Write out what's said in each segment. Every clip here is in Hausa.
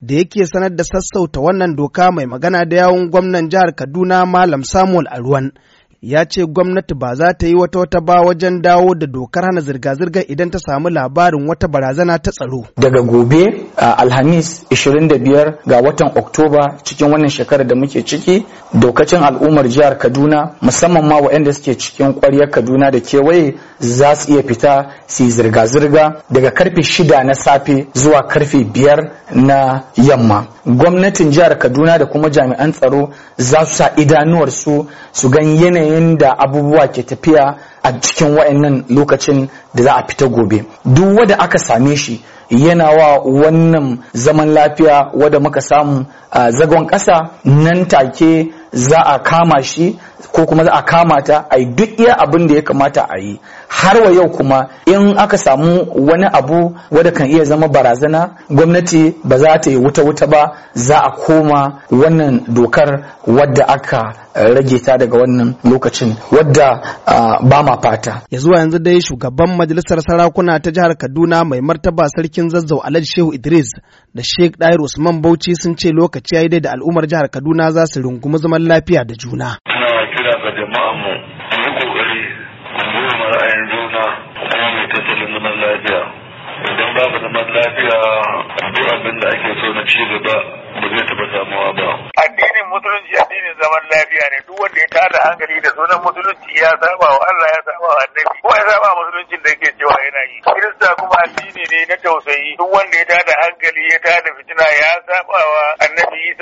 da yake sanar da sassauta wannan doka mai magana da yawun gwamnan jihar Kaduna Malam Samuel Aruwan ya ce gwamnati ba za ta yi wata wata ba wajen dawo da dokar hana zirga zirga idan ta samu labarin wata barazana ta tsaro. Daga gobe a Alhamis 25 ga watan Oktoba cikin wannan shekarar da muke ciki dokacin al'ummar jihar Kaduna musamman ma waɗanda suke cikin ƙwaryar Kaduna da kewaye za su iya fita su yi zirga-zirga daga karfe shida na safe zuwa karfe biyar na yamma. Gwamnatin jihar Kaduna da kuma jami'an tsaro za su sa idanuwarsu su gan yanayin yanayin da abubuwa ke tafiya a cikin wa'annan lokacin da za a fita gobe duk wanda aka same shi yana wa wannan zaman lafiya wanda muka samu a zagon ƙasa nan take za a kama shi ko kuma za a kama ta a yi duk iya abin da ya kamata a yi har wa yau kuma in aka samu wani abu wadda kan iya zama barazana gwamnati ba za ta yi wuta-wuta ba za a koma wannan dokar wadda aka rage ta daga wannan lokacin wadda ba ma fata. Ya zuwa yanzu dai shugaban majalisar sarakuna ta jihar Kaduna mai martaba sarkin zazzau Alhaj Shehu Idris da Sheikh Dair Usman Bauchi sun ce lokaci ya yi dai da al'ummar jihar Kaduna za su rungumi zaman lafiya da juna. Ina kira ga jama'a mu mu kokari mu yi ra'ayin juna kuma mu tattalin zaman lafiya. Idan babu zaman lafiya duk abin da ake so na ci gaba ba zai taɓa samuwa ba. musulunci addinin zaman lafiya ne duk wanda ya tada hankali da sunan musulunci ya saba wa Allah ya saba wa annabi ko ya saba musuluncin da yake cewa yana yi kirista kuma addini ne na tausayi duk wanda ya tada hankali ya tada fitina ya saba wa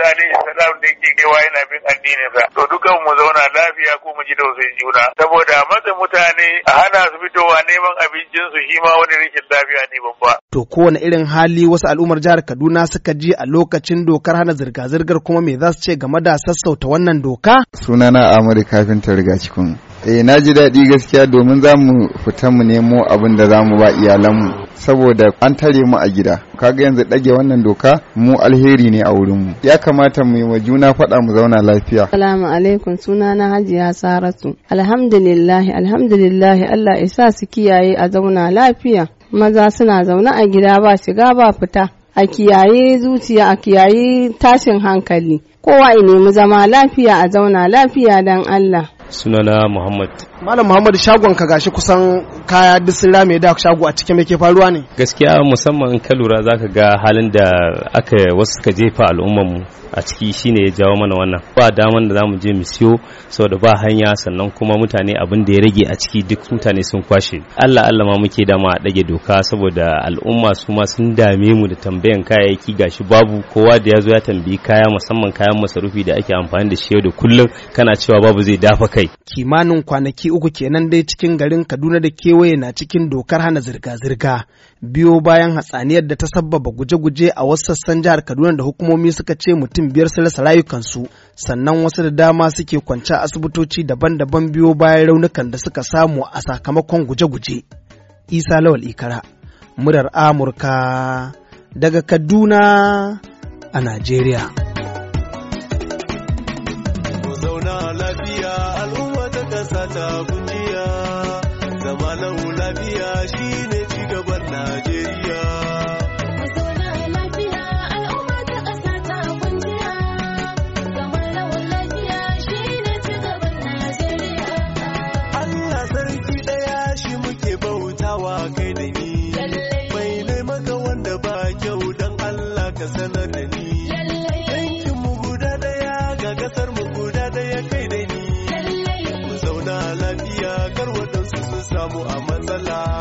alaihi salam da yake kewa yana bin addinin sa. to dukan mu zauna lafiya ko mu ji da tausayin juna saboda matsa mutane a hana su fitowa neman abincin su shi ma wani rikin lafiya ne babba to kowane irin hali wasu al'ummar jihar Kaduna suka ji a lokacin dokar hana zirga-zirgar kuma me za su ce game da sassauta wannan doka sunana Amadu kafin ta riga cikin eh na ji daɗi gaskiya domin za mu fita mu nemo abin da za mu ba iyalanmu saboda an tare mu a gida kaga yanzu dage wannan doka mu alheri ne a wurin mu ya kamata mu yi wa juna faɗa mu zauna lafiya assalamu alaikum suna na hajiya saratu alhamdulillah alhamdulillah Allah ya sa su kiyaye a zauna lafiya maza suna zaune a gida ba shiga ba fita a kiyaye zuciya a kiyaye tashin hankali kowa ya nemi zama lafiya a zauna lafiya dan Allah sunana Muhammad Malam Muhammadu shagon ka gashi kusan kaya duk mai rame da shago a cikin yake faruwa ne. Gaskiya musamman in ka lura zaka ga halin da aka wasu ka jefa al'ummar mu a ciki shine ya jawo mana wannan. Ba daman da zamu je mu siyo saboda ba hanya sannan kuma mutane abin da ya rage a ciki duk mutane sun kwashe. Allah Allah ma muke dama a ɗage doka saboda al'umma su ma sun dame mu da tambayan kayayyaki gashi babu kowa da ya zo ya tambayi kaya musamman kayan masarufi da ake amfani da shi yau da kullum kana cewa babu zai dafa kai. Kimanin kwanaki kwanaki uku kenan dai cikin garin Kaduna da kewaye na cikin dokar hana zirga-zirga. Biyo bayan hatsaniyar da ta sabbaba guje-guje a wasu sassan jihar Kaduna da hukumomi suka ce mutum biyar su rasa rayukansu, sannan wasu da dama suke kwance asibitoci daban-daban biyo bayan raunukan da suka samu a sakamakon guje-guje. Isa Lawal Ikara, murar Amurka daga Kaduna a Najeriya. lafiya ta kujiya zama na lafiya samu a matsala